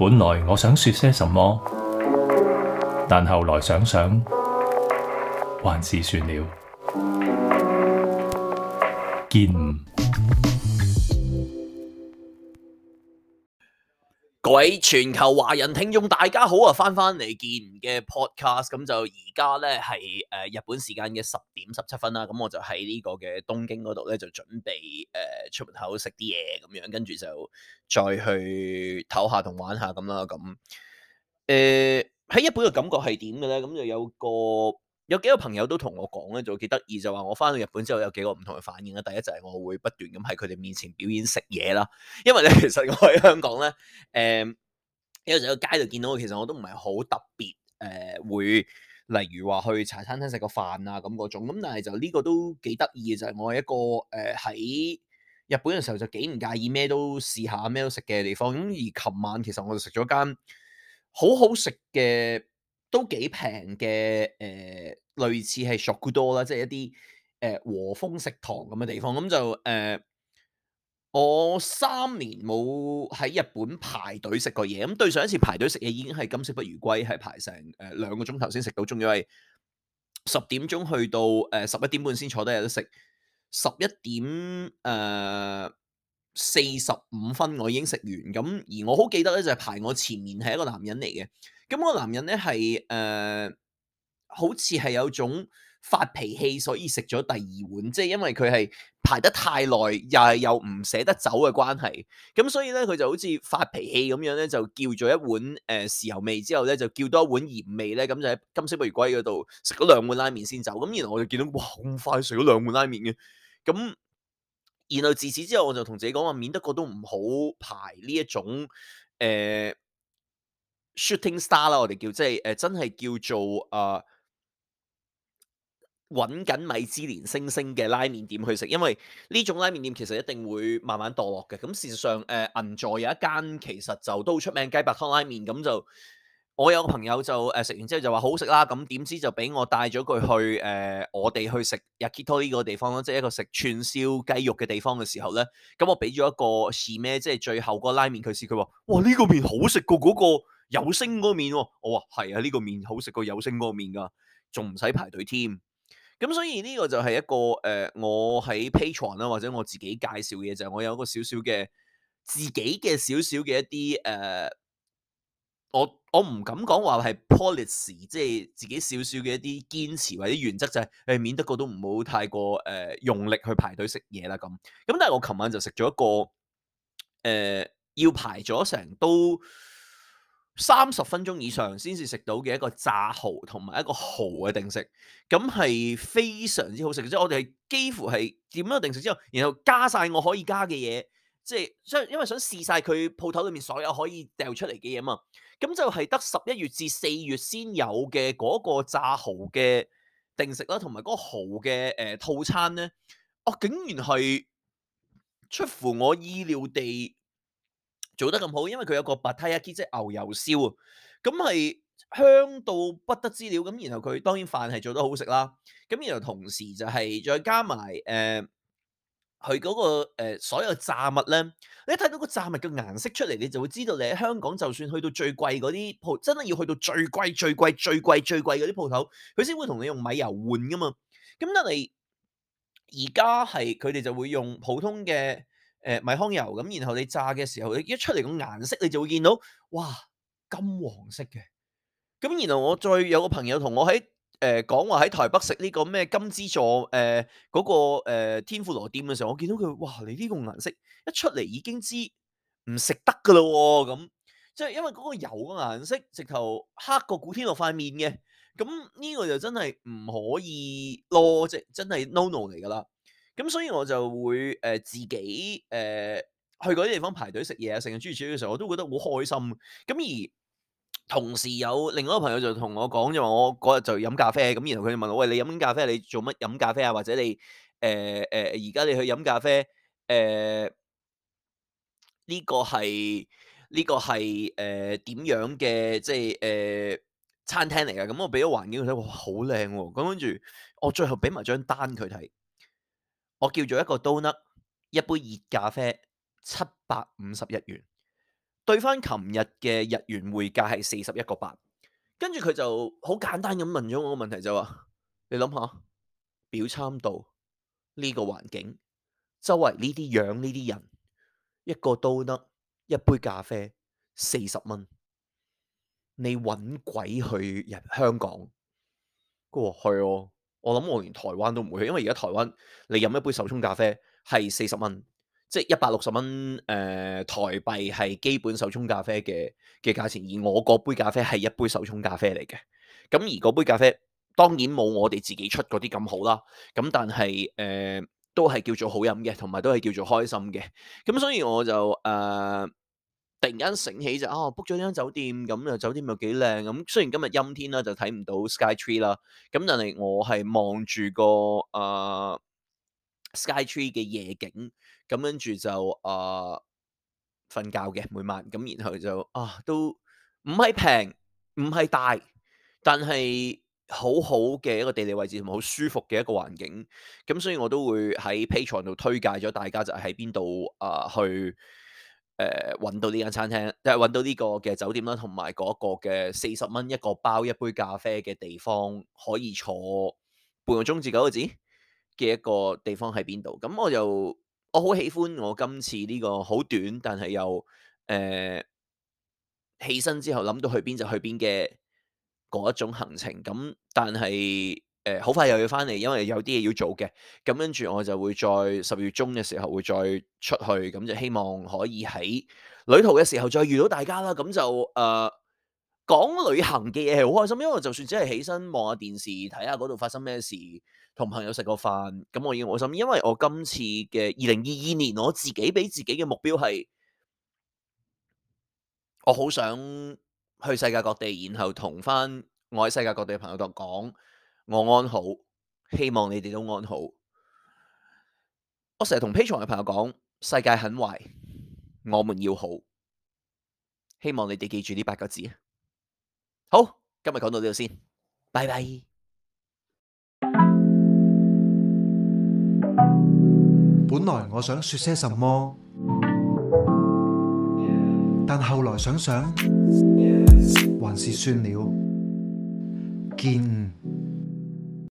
本來我想說些什麼，但後來想想，還是算了。見。各位全球華人聽眾，大家好啊！翻翻嚟見嘅 podcast，咁就而家咧係誒日本時間嘅十點十七分啦。咁我就喺呢個嘅東京嗰度咧，就準備誒出門口食啲嘢咁樣，跟住就再去唞下同玩下咁啦。咁誒喺日本嘅感覺係點嘅咧？咁就有個。有幾個朋友都同我講咧，就幾得意，就話我返到日本之後有幾個唔同嘅反應啦。第一就係我會不斷咁喺佢哋面前表演食嘢啦，因為咧其實我喺香港咧，誒有時喺街度見到，其實我都唔係好特別誒、呃，會例如話去茶餐廳食個飯啊咁嗰種。咁但係就呢個都幾得意嘅就係、是、我係一個誒喺、呃、日本嘅時候就幾唔介意咩都試下咩都食嘅地方。咁而琴晚其實我就食咗間好好食嘅。都幾平嘅誒，類似係 Shokudo 啦，即係一啲誒和風食堂咁嘅地方。咁、嗯、就誒、呃，我三年冇喺日本排隊食過嘢。咁、嗯、對上一次排隊食嘢已經係金色不如歸，係排成誒、呃、兩個鐘頭先食到，仲要係十點鐘去到誒十一點半先坐低有得食。十一點誒四十五分我已經食完。咁、嗯、而我好記得咧，就係、是、排我前面係一個男人嚟嘅。咁個男人咧係誒，好似係有種發脾氣，所以食咗第二碗，即係因為佢係排得太耐，又係又唔捨得走嘅關係。咁所以咧，佢就好似發脾氣咁樣咧，就叫咗一碗誒、呃、豉油味之後咧，就叫多一碗鹽味咧，咁、嗯、就喺金色不如歸嗰度食咗兩碗拉麵先走。咁然後我就見到哇，咁快食咗兩碗拉麵嘅。咁、嗯、然後自此之後，我就同自己講話，免得個都唔好排呢一種誒。呃 shooting star 啦，我哋叫即係誒、呃，真係叫做啊揾緊米芝蓮星星嘅拉麵店去食，因為呢種拉麵店其實一定會慢慢墮落嘅。咁事實上誒、呃，銀座有一間其實就都好出名雞白湯拉麵，咁就我有個朋友就誒食、呃、完之後就話好食啦，咁點知就俾我帶咗佢去誒、呃、我哋去食日 Kito 呢個地方咯，即係一個食串燒雞肉嘅地方嘅時候咧，咁我俾咗一個試咩，即係最後嗰個拉麵佢試，佢話哇呢、這個麵好食過嗰個。有星嗰麵喎、哦，我話係啊，呢、這個麵好食過有星嗰個面噶，仲唔使排隊添。咁所以呢個就係一個誒、呃，我喺 Patreon 啦，或者我自己介紹嘅嘢，就係、是、我有一個少少嘅自己嘅少少嘅一啲誒、呃，我我唔敢講話係 policy，即係自己少少嘅一啲堅持或者原則就係、是、誒、呃，免得個都唔好太過誒、呃、用力去排隊食嘢啦咁。咁但係我琴晚就食咗一個誒、呃，要排咗成都。三十分鐘以上先至食到嘅一個炸蠔同埋一個蠔嘅定食，咁係非常之好食。即係我哋係幾乎係點樣定食之後，然後加晒，我可以加嘅嘢，即係想因為想試晒佢鋪頭裏面所有可以掉出嚟嘅嘢嘛。咁就係得十一月至四月先有嘅嗰個炸蠔嘅定食啦，同埋嗰個蠔嘅誒套餐咧，我、哦、竟然係出乎我意料地。做得咁好，因為佢有個 Batayaki，即係牛油燒，咁係香到不得之了。咁然後佢當然飯係做得好食啦。咁然後同時就係再加埋誒佢嗰個、呃、所有炸物咧，你一睇到個炸物嘅顏色出嚟，你就會知道你喺香港就算去到最貴嗰啲鋪，真係要去到最貴、最貴、最貴、最貴嗰啲鋪頭，佢先會同你用米油換㗎嘛。咁但係而家係佢哋就會用普通嘅。誒，米糠油咁，然後你炸嘅時候，你一出嚟個顏色，你就會見到，哇，金黃色嘅。咁然後我再有個朋友同我喺誒、呃、講話喺台北食呢個咩金之助誒嗰個誒、呃、天婦羅店嘅時候，我見到佢，哇，你呢個顏色一出嚟已經知唔食得噶啦、哦，咁即係因為嗰個油嘅顏色直頭黑過古天樂塊面嘅。咁呢個就真係唔可以咯，即真係 no no 嚟噶啦。咁、嗯、所以我就會誒、呃、自己誒、呃、去嗰啲地方排隊食嘢，成日諸如此類嘅時候，我都覺得好開心。咁而同時有另外一個朋友就同我講，就話我嗰日就飲咖啡，咁然後佢就問我：喂，你飲咖啡你做乜飲咖啡啊？或者你誒誒而家你去飲咖啡誒？呢、呃這個係呢、這個係誒點樣嘅即係誒、呃、餐廳嚟㗎？咁我俾咗環境佢睇，哇，好靚喎！咁跟住我最後俾埋張單佢睇。我叫咗一個冬甩，一杯熱咖啡七百五十日元，元，兌翻琴日嘅日元匯價係四十一個八，跟住佢就好簡單咁問咗我個問題就話、是，你諗下表參道呢、呢個環境，周圍呢啲樣呢啲人，一個冬甩一杯咖啡四十蚊，你搵鬼去入香港？佢話係哦。我諗我連台灣都唔會去，因為而家台灣你飲一杯手沖咖啡係四十蚊，即係一百六十蚊誒台幣係基本手沖咖啡嘅嘅價錢，而我嗰杯咖啡係一杯手沖咖啡嚟嘅。咁而嗰杯咖啡當然冇我哋自己出嗰啲咁好啦。咁但係誒、呃、都係叫做好飲嘅，同埋都係叫做開心嘅。咁所以我就誒。呃突然間醒起就啊，book 咗呢間酒店，咁啊酒店又幾靚，咁雖然今日陰天啦，就睇唔到 tree、呃、Sky Tree 啦，咁但係我係望住個啊 Sky Tree 嘅夜景，咁跟住就啊瞓、呃、覺嘅每晚，咁然後就啊都唔係平，唔係大，但係好好嘅一個地理位置同埋好舒服嘅一個環境，咁、啊、所以我都會喺 Patreon 度推介咗大家就係喺邊度啊去。誒揾、呃、到呢間餐廳，即係揾到呢個嘅酒店啦，同埋嗰個嘅四十蚊一個包一杯咖啡嘅地方可以坐半個鐘至九個字嘅一個地方喺邊度？咁、嗯、我就我好喜歡我今次呢、呢個好短，但係又誒、呃、起身之後諗到去邊就去邊嘅嗰一種行程。咁、嗯、但係。誒，好、呃、快又要翻嚟，因為有啲嘢要做嘅。咁跟住我就會在十月中嘅時候會再出去，咁就希望可以喺旅途嘅時候再遇到大家啦。咁就誒、呃，講旅行嘅嘢係好開心，因為就算只係起身望下電視，睇下嗰度發生咩事，同朋友食個飯，咁我已經好開心。因為我今次嘅二零二二年，我自己俾自己嘅目標係，我好想去世界各地，然後同翻我喺世界各地嘅朋友度講。我安好，希望你哋都安好。我成日同 Patreon 嘅朋友講，世界很壞，我們要好。希望你哋記住呢八個字啊！好，今日講到呢度先，拜拜。本來我想說些什麼，但後來想想，還是算了。見。